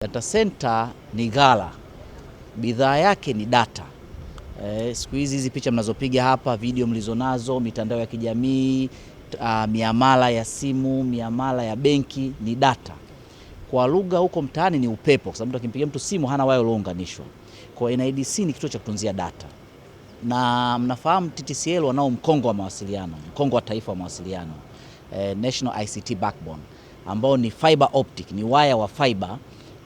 Data center ni ghala, bidhaa yake ni data. Eh, siku hizi hizi picha mnazopiga hapa, video mlizonazo, mitandao ya kijamii, uh, miamala ya simu, miamala ya benki ni data. Kwa lugha huko mtaani ni upepo, kwa sababu mtu akimpigia mtu simu hana waya uliounganishwa. Kwa NIDC ni kituo cha kutunzia data, na mnafahamu TTCL wanao mkongo wa mawasiliano, mkongo wa taifa wa mawasiliano, eh, National ICT Backbone ambao ni fiber optic, ni waya wa fiber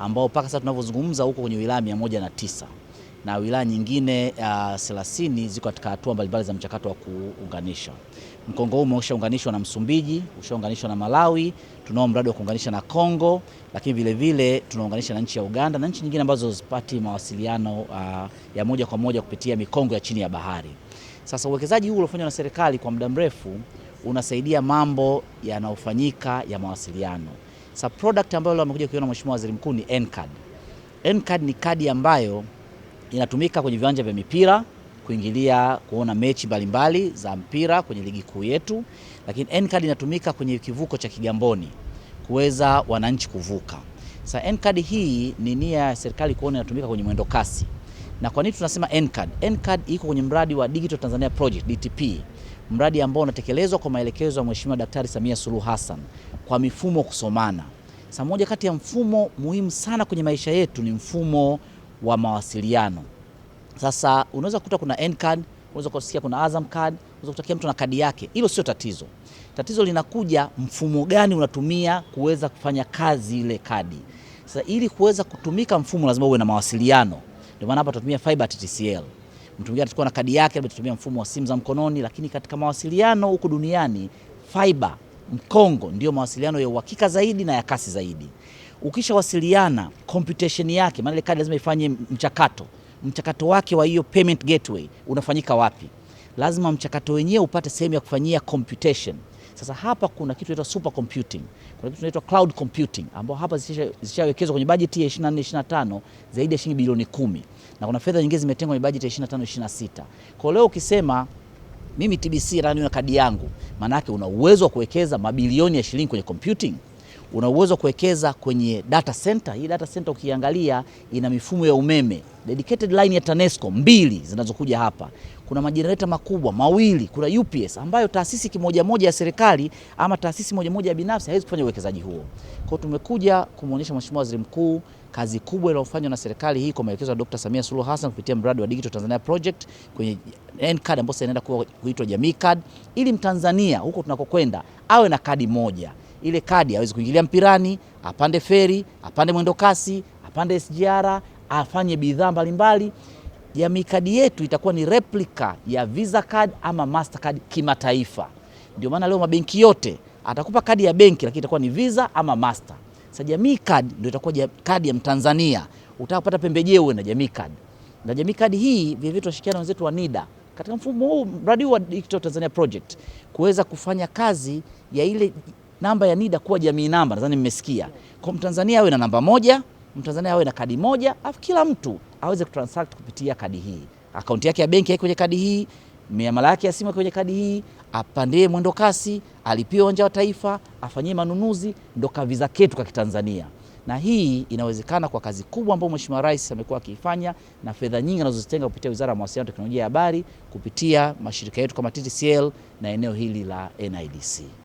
ambao mpaka sasa tunavyozungumza huko kwenye wilaya mia moja na tisa na wilaya nyingine uh, thelathini uh, ziko katika hatua mbalimbali za mchakato wa kuunganisha. Mkongo huu umeshaunganishwa na Msumbiji, ushaunganishwa na Malawi, tunao mradi wa kuunganisha na Kongo, lakini vilevile tunaunganisha na nchi ya Uganda na nchi nyingine ambazo zipati mawasiliano uh, ya moja kwa moja kupitia mikongo ya chini ya bahari. Sasa uwekezaji huu uliofanywa na serikali kwa muda mrefu unasaidia mambo yanayofanyika ya mawasiliano Sa product ambayo leo amekuja kuiona Mheshimiwa Waziri Mkuu ni N-card. N-card ni kadi ambayo inatumika kwenye viwanja vya mipira kuingilia kuona mechi mbalimbali za mpira kwenye ligi kuu yetu, lakini N-card inatumika kwenye kivuko cha Kigamboni kuweza wananchi kuvuka. Sa N-card hii ni nia ya serikali kuona inatumika kwenye mwendo kasi. Na kwa nini tunasema N-card? N-card iko kwenye mradi wa Digital Tanzania Project DTP mradi ambao unatekelezwa kwa maelekezo ya Mheshimiwa Daktari Samia Suluhu Hassan kwa mifumo kusomana. Sasa moja kati ya mfumo muhimu sana kwenye maisha yetu ni mfumo wa mawasiliano. Sasa unaweza kukuta kuna N-card, unaweza kusikia kuna Azam card, unaweza kutakia mtu na kadi yake. Hilo sio tatizo. Tatizo linakuja mfumo gani unatumia kuweza kufanya kazi ile kadi. Sasa ili kuweza kutumika mfumo lazima uwe na mawasiliano. Ndio maana hapa tunatumia fiber TTCL mtu mwingine atakuwa na kadi yake, labda tutumia mfumo wa simu za mkononi. Lakini katika mawasiliano huku duniani, fiber mkongo ndiyo mawasiliano ya uhakika zaidi na ya kasi zaidi. Ukishawasiliana computation yake, maana ile kadi lazima ifanye mchakato, mchakato wake wa hiyo payment gateway unafanyika wapi? Lazima mchakato wenyewe upate sehemu ya kufanyia computation. Sasa hapa kuna kitu inaitwa super computing, kuna kitu inaitwa cloud computing ambao hapa zishawekezwa kwenye bajeti ya 24 25 zaidi ya shilingi bilioni kumi na kuna fedha nyingine zimetengwa kwenye bajeti ya 25 26. Kwa leo ukisema mimi TBC niwe na kadi yangu, maana yake una uwezo wa kuwekeza mabilioni ya shilingi kwenye computing una uwezo wa kuwekeza kwenye data center. Hii data center ukiangalia ina mifumo ya umeme dedicated line ya TANESCO mbili zinazokuja hapa. Kuna majenereta makubwa mawili, kuna UPS ambayo taasisi kimoja moja ya serikali ama taasisi moja moja ya binafsi haiwezi kufanya uwekezaji huo. Kwa tumekuja kumwonyesha Mheshimiwa Waziri Mkuu kazi kubwa iliyofanywa na serikali hii kwa maelekezo ya Dr. Samia Suluhu Hassan kupitia mradi wa Digital Tanzania Project kwenye N-Card ambayo sasa inaenda kuitwa Jamii Card ili Mtanzania huko tunakokwenda awe na kadi moja ile kadi aweze kuingilia mpirani, apande feri, apande mwendo kasi, apande SGR, afanye bidhaa mbalimbali. Jamii kadi yetu itakuwa ni replica ya Visa card ama Mastercard kimataifa. Ndio maana leo mabenki yote atakupa kadi ya benki, lakini itakuwa ni Visa ama Master. Sasa jamii kadi ndio itakuwa kadi ya Mtanzania. Utapata pembejeo na jamii kadi, na jamii kadi hii vilevile tunashirikiana wenzetu wa NIDA katika mfumo huu, mradi huu wa Digital Tanzania Project, kuweza kufanya kazi ya ile namba ya NIDA kuwa jamii namba, nadhani mmesikia. Kwa Mtanzania awe na namba moja, Mtanzania awe na kadi moja, afu kila mtu aweze kutransact kupitia kadi hii. Akaunti yake ya benki kwenye kadi hii, miamala yake ya simu kwenye kadi hii, apandie mwendo kasi, alipie uwanja wa Taifa, afanyie manunuzi, ndo kaviza ketu ka Kitanzania na hii inawezekana kwa kazi kubwa ambayo Mheshimiwa Rais amekuwa akiifanya na fedha nyingi anazozitenga kupitia Wizara ya Mawasiliano Teknolojia ya Habari, kupitia mashirika yetu kama TTCL na eneo hili la NIDC.